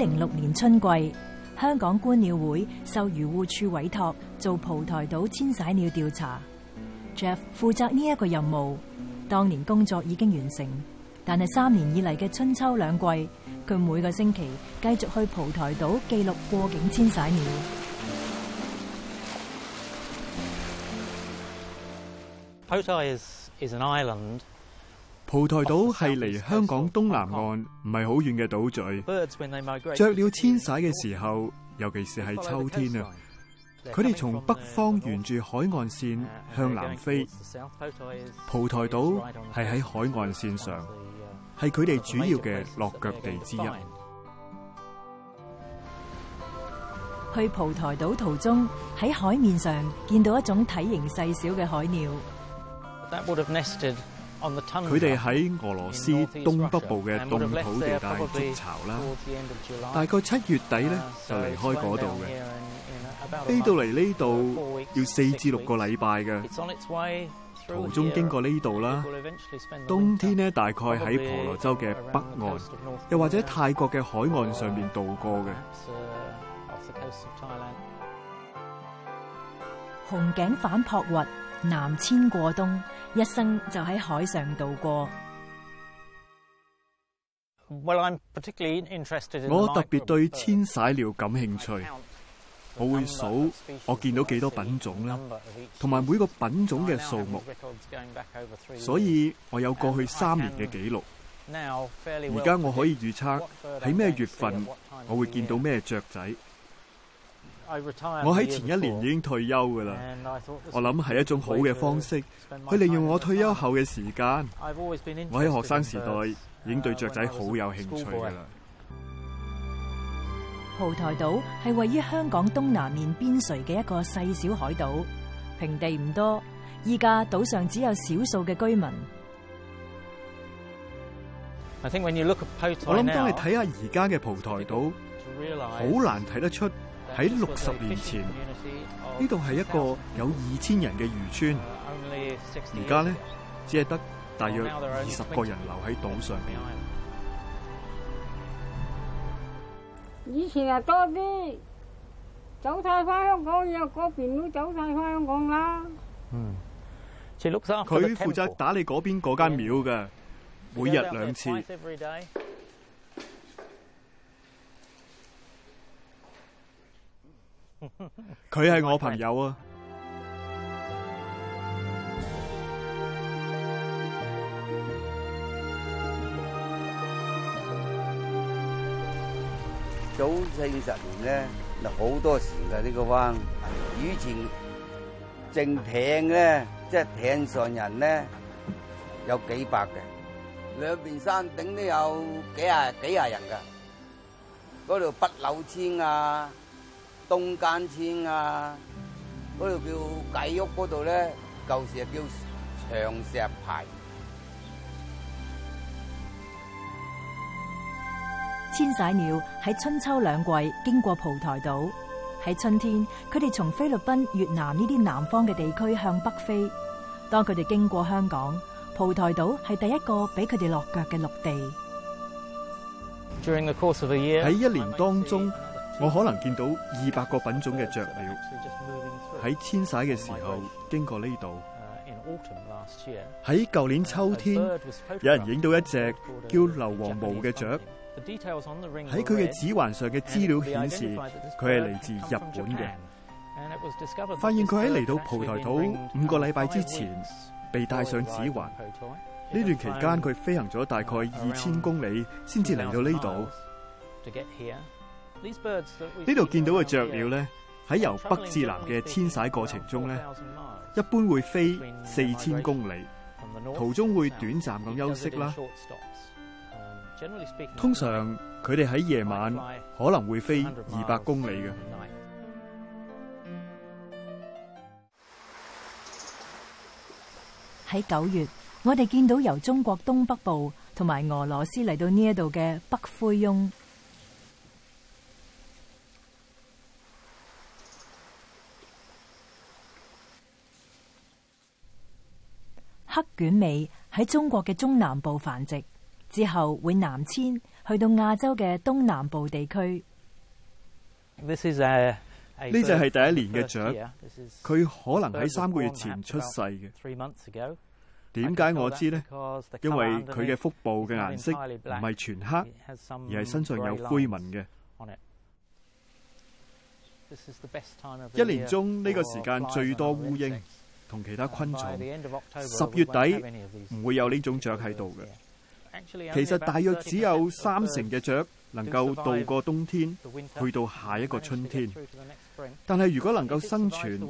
零六年春季，香港觀鳥會受漁護處委託做蒲台島遷徙鳥調查。Jeff 負責呢一個任務，當年工作已經完成，但係三年以嚟嘅春秋兩季，佢每個星期繼續去蒲台島記錄過境遷徙鳥。Pota is, is an island. 蒲台島係離香港東南岸唔係好遠嘅島嶼，雀鳥遷徙嘅時候，尤其是係秋天啊，佢哋從北方沿住海岸綫向南飛，蒲台島係喺海岸綫上，係佢哋主要嘅落腳地之一。去蒲台島途中，喺海面上見到一種體型細小嘅海鳥。佢哋喺俄羅斯東北部嘅凍土地帶築巢啦，大概七月底咧就離開嗰度嘅，飛到嚟呢度要四至六個禮拜嘅，途中經過呢度啦，冬天呢大概喺婆羅洲嘅北岸，又或者泰國嘅海岸上面度過嘅紅頸瓣蹼鷸。南遷過冬，一生就喺海上度過。Well, in 我特別對遷徙鳥感興趣，我會數我見到幾多品種啦，同埋每個品種嘅數目。所以我有過去三年嘅記錄。而家我可以預測喺咩月份我會見到咩雀仔。我喺前一年已經退休噶啦，我諗係一種好嘅方式，去利用我退休後嘅時間。我喺學生時代已經對雀仔好有興趣噶啦。蒲台島係位於香港東南面邊陲嘅一個細小海島，平地唔多，依家島上只有少數嘅居民。我諗當你睇下而家嘅蒲台島，好難睇得出。喺六十年前，呢度係一個有二千人嘅漁村，而家咧，只係得大約二十個人留喺島上面。以前係多啲，走晒翻香港，又嗰邊都走晒翻香港啦。嗯，佢負責打理嗰邊嗰間廟嘅，每日兩次。佢係我朋友啊！早四十年咧，就好多時噶呢個灣。以前正艇咧，即係艇上人咧有幾百嘅，兩邊山頂都有幾廿幾廿人噶。嗰條北柳村啊！東間村啊，嗰度叫雞屋呢，嗰度咧舊時啊叫長石牌。遷徙鳥喺春秋兩季經過蒲台島。喺春天，佢哋從菲律賓、越南呢啲南方嘅地區向北飛。當佢哋經過香港、蒲台島，係第一個俾佢哋落腳嘅陸地。喺一年當中。我可能見到二百個品種嘅雀鳥喺遷徙嘅時候經過呢度。喺舊年秋天，有人影到一隻叫硫磺毛嘅雀。喺佢嘅指環上嘅資料顯示，佢係嚟自日本嘅。發現佢喺嚟到蒲台島五個禮拜之前被戴上指環。呢段期間佢飛行咗大概二千公里，先至嚟到呢度。呢度見到嘅雀鳥咧，喺由北至南嘅遷徙過程中咧，一般會飛四千公里，途中會短暫咁休息啦。通常佢哋喺夜晚可能會飛二百公里嘅。喺九月，我哋見到由中國東北部同埋俄羅斯嚟到呢一度嘅北灰鶲。黑卷尾喺中國嘅中南部繁殖，之後會南遷去到亞洲嘅東南部地區。呢隻係第一年嘅雀，佢可能喺三個月前出世嘅。點解我知道呢？因為佢嘅腹部嘅顏色唔係全黑，而係身上有灰紋嘅。一年中呢個時間最多烏蠅。同其他昆蟲，十月底唔會有呢種雀喺度嘅。其實大約只有三成嘅雀能夠度過冬天，去到下一個春天。但係如果能夠生存，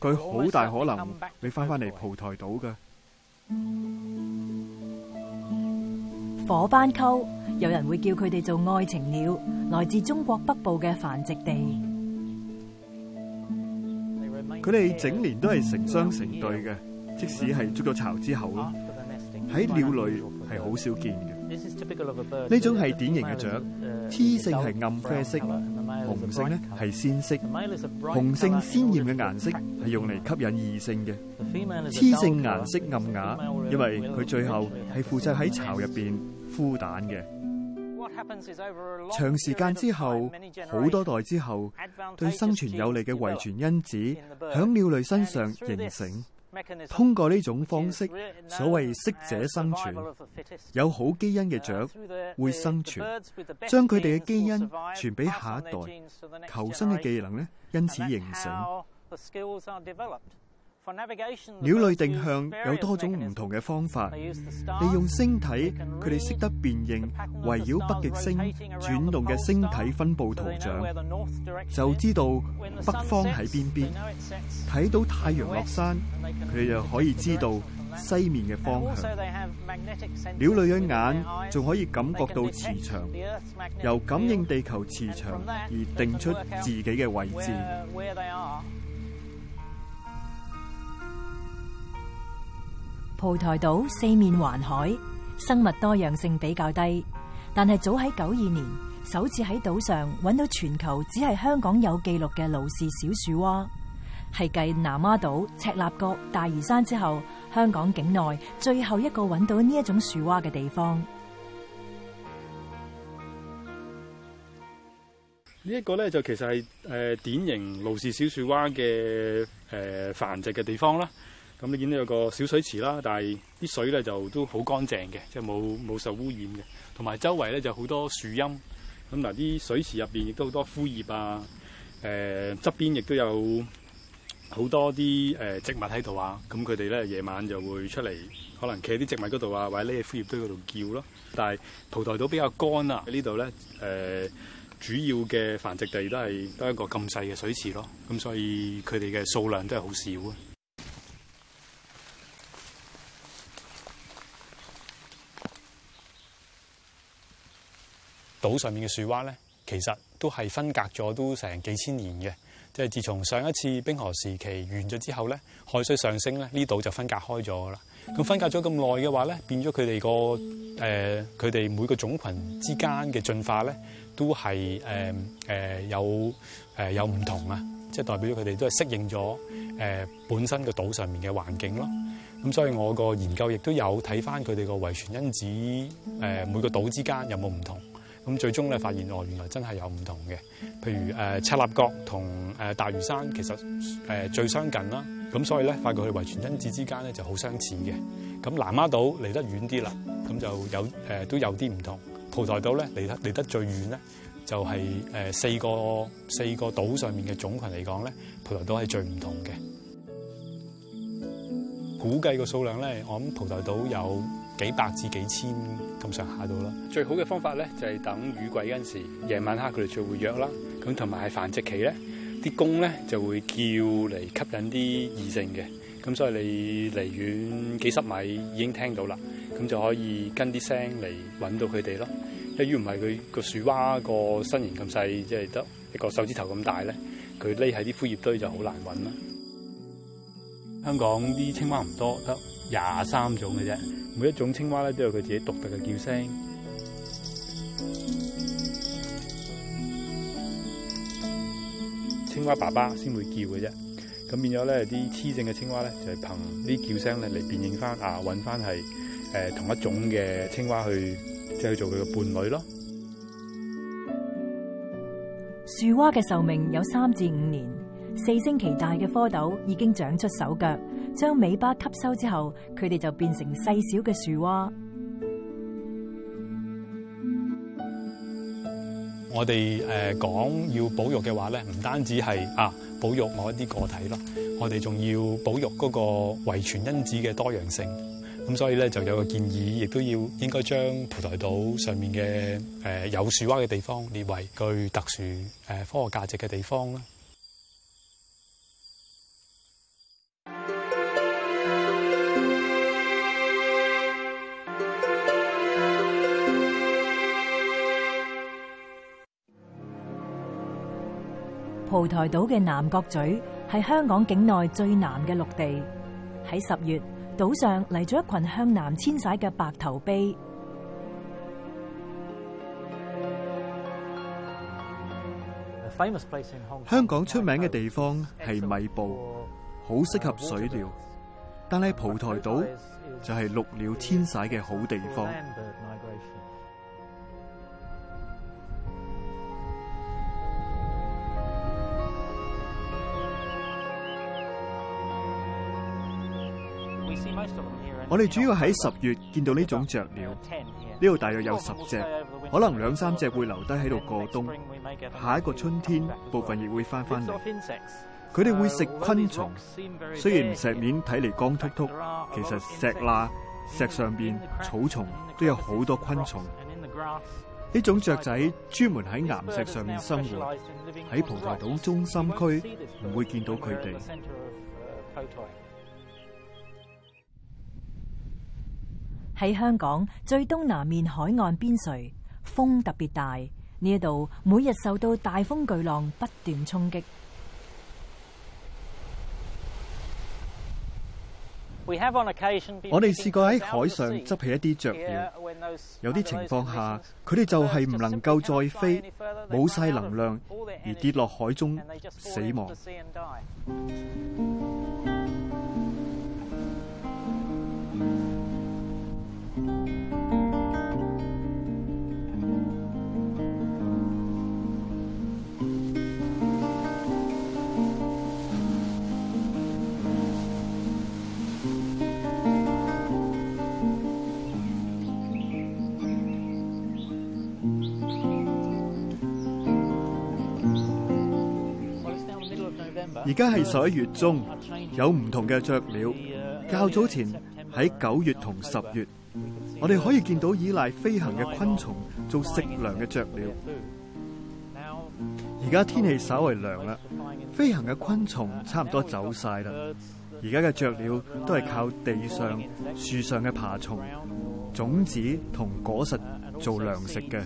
佢好大可能會翻返嚟蒲台島嘅。火斑鳩，有人會叫佢哋做愛情鳥，來自中國北部嘅繁殖地。佢哋整年都係成雙成對嘅，即使係築咗巢之後咧，喺鳥類係好少見嘅。呢種係典型嘅雀，雌性係暗啡色，雄性咧係鮮色。雄性鮮豔嘅顏色係用嚟吸引異性嘅，雌性顏色暗啞，因為佢最後係負責喺巢入邊孵蛋嘅。長時間之後，好多代之後，對生存有利嘅遺傳因子，響鳥類身上形成。通過呢種方式，所謂適者生存，有好基因嘅雀會生存，將佢哋嘅基因傳俾下一代，求生嘅技能咧，因此形成。鳥類定向有多種唔同嘅方法，利用星體，佢哋識得辨認圍繞北極星轉動嘅星體分布圖像，就知道北方喺邊邊。睇到太陽落山，佢哋就可以知道西面嘅方向。鳥類嘅眼仲可以感覺到磁場，由感應地球磁場而定出自己嘅位置。蒲台島四面環海，生物多樣性比較低，但係早喺九二年，首次喺島上揾到全球只係香港有記錄嘅盧氏小樹蛙，係繼南丫島、赤鱲角、大嶼山之後，香港境內最後一個揾到呢一種樹蛙嘅地方。呢、這、一個咧就其實係誒典型盧氏小樹蛙嘅誒繁殖嘅地方啦。咁你見到有個小水池啦，但係啲水咧就都好乾淨嘅，即係冇冇受污染嘅。同埋周圍咧就好多樹蔭。咁嗱，啲水池入邊亦都好多枯葉啊。誒、呃、側邊亦都有好多啲、呃、植物喺度啊。咁佢哋咧夜晚就會出嚟，可能企喺啲植物嗰度啊，或者呢啲枯葉堆嗰度叫咯。但係蒲台島比較乾啊，喺呢度咧、呃、主要嘅繁殖地都係得一個咁細嘅水池咯。咁所以佢哋嘅數量都係好少啊。島上面嘅樹蛙咧，其實都係分隔咗都成幾千年嘅，即係自從上一次冰河時期完咗之後咧，海水上升咧，呢島就分隔開咗噶啦。咁分隔咗咁耐嘅話咧，變咗佢哋個誒佢哋每個種群之間嘅進化咧，都係誒誒有誒、呃、有唔同啊，即係代表咗佢哋都係適應咗誒、呃、本身個島上面嘅環境咯。咁所以我個研究亦都有睇翻佢哋個遺傳因子誒、呃、每個島之間有冇唔同。咁最終咧，發現哦，原來真係有唔同嘅，譬如誒赤、呃、鱲角同誒大嶼山其實誒、呃、最相近啦，咁所以咧，發覺佢遺傳因子之間咧，就好相似嘅。咁南丫島離得遠啲啦，咁就有誒、呃、都有啲唔同。蒲台島咧，離得離得最遠咧，就係、是、誒、呃、四個四個島上面嘅種群嚟講咧，蒲台島係最唔同嘅。估計個數量咧，我諗蒲台島有幾百至幾千咁上下度啦。最好嘅方法咧，就係等雨季嗰陣時，夜晚黑佢哋最活躍啦。咁同埋繁殖期咧，啲公咧就會叫嚟吸引啲異性嘅。咁所以你離遠幾十米已經聽到啦。咁就可以跟啲聲嚟揾到佢哋咯。一於唔係佢個樹蛙個身形咁細，即係得一個手指頭咁大咧，佢匿喺啲枯葉堆就好難揾啦。香港啲青蛙唔多，得廿三種嘅啫。每一種青蛙咧都有佢自己獨特嘅叫聲。青蛙爸爸先會叫嘅啫。咁變咗咧啲雌性嘅青蛙咧就係憑啲叫聲咧嚟辨認翻啊，揾翻係誒同一種嘅青蛙去即係、就是、去做佢嘅伴侶咯。樹蛙嘅壽命有三至五年。四星期大嘅蝌蚪已經長出手腳，將尾巴吸收之後，佢哋就變成細小嘅樹蛙。我哋誒講要保育嘅話咧，唔單止係啊保育某一啲個體咯，我哋仲要保育嗰個遺傳因子嘅多樣性。咁所以咧就有個建議，亦都要應該將蒲台島上面嘅誒有樹蛙嘅地方列為具特殊誒科學價值嘅地方啦。蒲台島嘅南角咀係香港境內最南嘅陸地。喺十月，島上嚟咗一群向南遷徙嘅白頭鵯。香港出名嘅地方係米埔，好適合水鳥，但係蒲台島就係陸鳥遷徙嘅好地方。我哋主要喺十月見到呢種雀鳥，呢度大約有十隻，可能兩三隻會留低喺度過冬，下一個春天部分亦會翻返嚟。佢哋會食昆蟲，雖然石面睇嚟光禿禿，其實石罅、石上邊、草叢都有好多昆蟲。呢種雀仔專門喺岩石上面生活，喺蒲台島中心區唔會見到佢哋。喺香港最東南面海岸邊陲，風特別大，呢一度每日受到大風巨浪不斷衝擊。我哋試過喺海上執起一啲雀鳥，有啲情況下佢哋就係唔能夠再飛，冇晒能量而跌落海中死亡。而家係十一月中，有唔同嘅雀鳥。較早前喺九月同十月，我哋可以見到依賴飛行嘅昆蟲做食糧嘅雀鳥。而家天氣稍微涼啦，飛行嘅昆蟲差唔多走晒啦。而家嘅雀鳥都係靠地上、樹上嘅爬蟲、種子同果實做糧食嘅。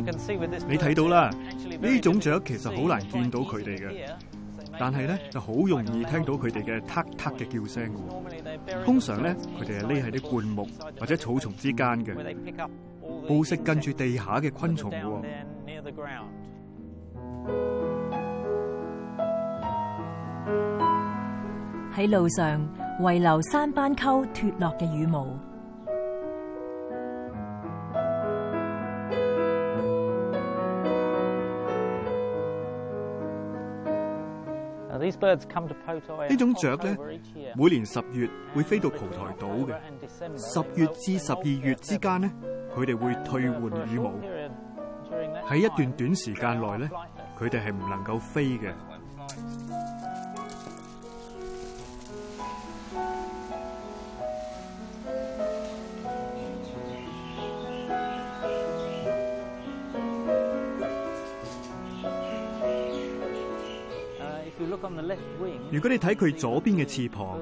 你睇到啦，呢種雀其實好難見到佢哋嘅，但係咧就好容易聽到佢哋嘅嗒嗒嘅叫聲。通常咧，佢哋係匿喺啲灌木或者草叢之間嘅，捕食跟住地下嘅昆蟲喎。喺路上遺留山斑鳩脫落嘅羽毛。這種呢種雀咧，每年十月會飛到蒲台島嘅。十月至十二月之間咧，佢哋會退換羽毛。喺一段短時間內咧，佢哋係唔能夠飛嘅。如果你睇佢左邊嘅翅膀，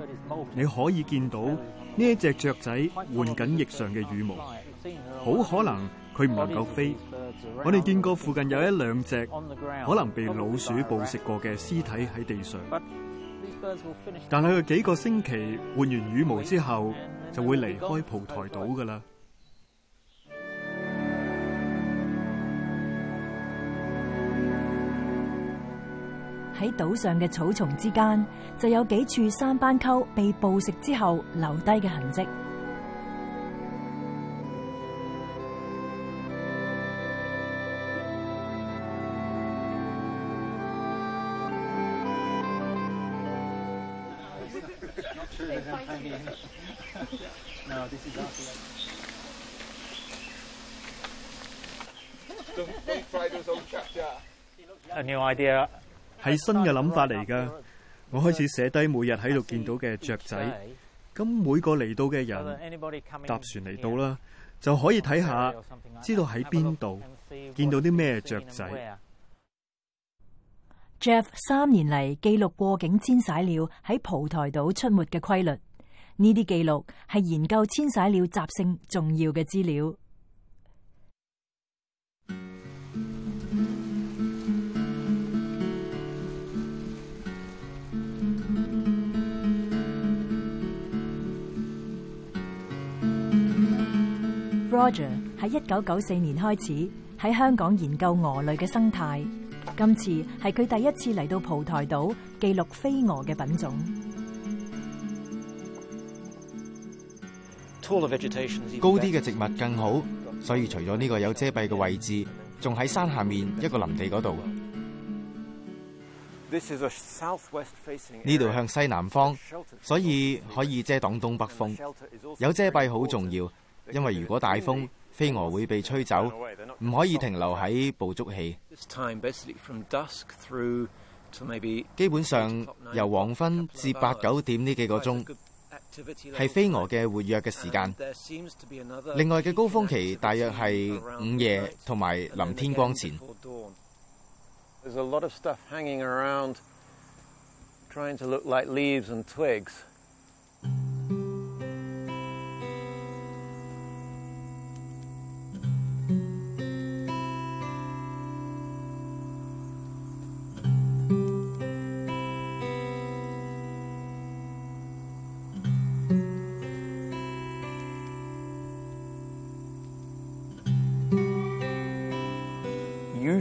你可以見到呢一隻雀仔換緊翼上嘅羽毛，好可能佢唔能夠飛。我哋見過附近有一兩隻可能被老鼠捕食過嘅屍體喺地上，但係佢幾個星期換完羽毛之後，就會離開蒲台島㗎喇。喺島上嘅草叢之間，就有幾處山斑鳩被捕食之後留低嘅痕迹。A new idea. 係新嘅諗法嚟㗎。我開始寫低每日喺度見到嘅雀仔。咁每個嚟到嘅人搭船嚟到啦，就可以睇下，知道喺邊度見到啲咩雀仔。Jeff 三年嚟記錄過境遷徙鳥喺蒲台島出沒嘅規律。呢啲記錄係研究遷徙鳥習性重要嘅資料。Roger 喺一九九四年開始喺香港研究蛾類嘅生態，今次係佢第一次嚟到蒲台島記錄飛蛾嘅品種。高啲嘅植物更好，所以除咗呢個有遮蔽嘅位置，仲喺山下面一個林地嗰度。呢度向西南方，所以可以遮擋東北風。有遮蔽好重要。因為如果大風，飛蛾會被吹走，唔可以停留喺捕捉器。基本上由黃昏至八九點呢幾個鐘，係飛蛾嘅活躍嘅時間。另外嘅高峰期，大約係午夜同埋臨天光前。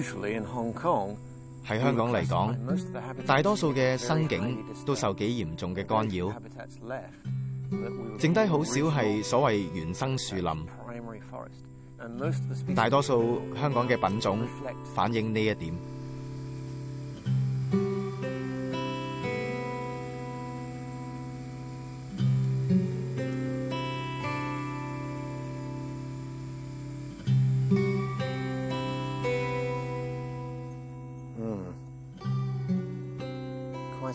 喺香港嚟講，大多數嘅生境都受幾嚴重嘅干擾，剩低好少係所謂原生樹林。大多數香港嘅品種反映呢一點。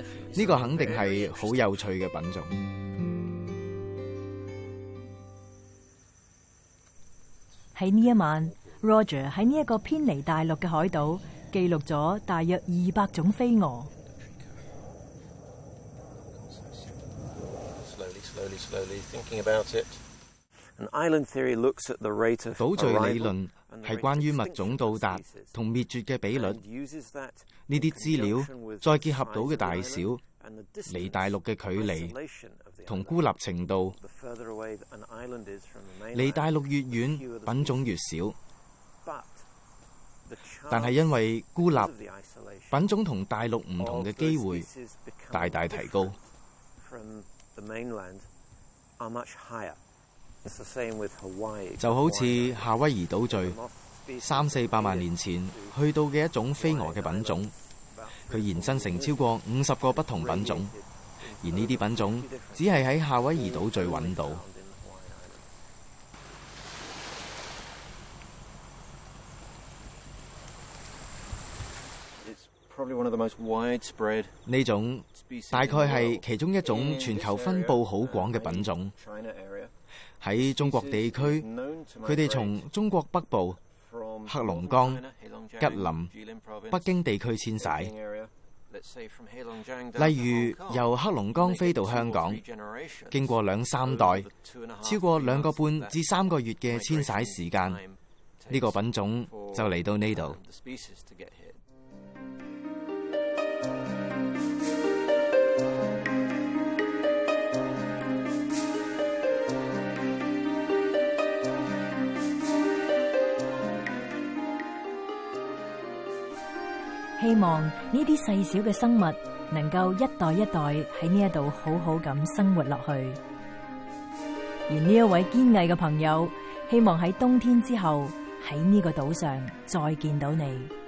呢、這個肯定係好有趣嘅品種。喺呢一晚，Roger 喺呢一個偏離大陸嘅海島記錄咗大約二百種飛蛾。島嶼理論。係關於物種到達同滅絕嘅比率，呢啲資料再結合島嘅大小、離大陸嘅距離同孤立程度，離大陸越遠，品種越少。但係因為孤立，品種同大陸唔同嘅機會大大提高。就好似夏威夷島嶼三四百萬年前去到嘅一種飛蛾嘅品種，佢延伸成超過五十個不同品種，而呢啲品種只係喺夏威夷島嶼揾到。呢種大概係其中一種全球分布好廣嘅品種。喺中國地區，佢哋從中國北部、黑龍江、吉林、北京地區遷徙，例如由黑龍江飛到香港，經過兩三代、超過兩個半至三個月嘅遷徙時間，呢個品種就嚟到呢度。希望呢啲細小嘅生物能夠一代一代喺呢一度好好咁生活落去，而呢一位堅毅嘅朋友，希望喺冬天之後喺呢個島上再見到你。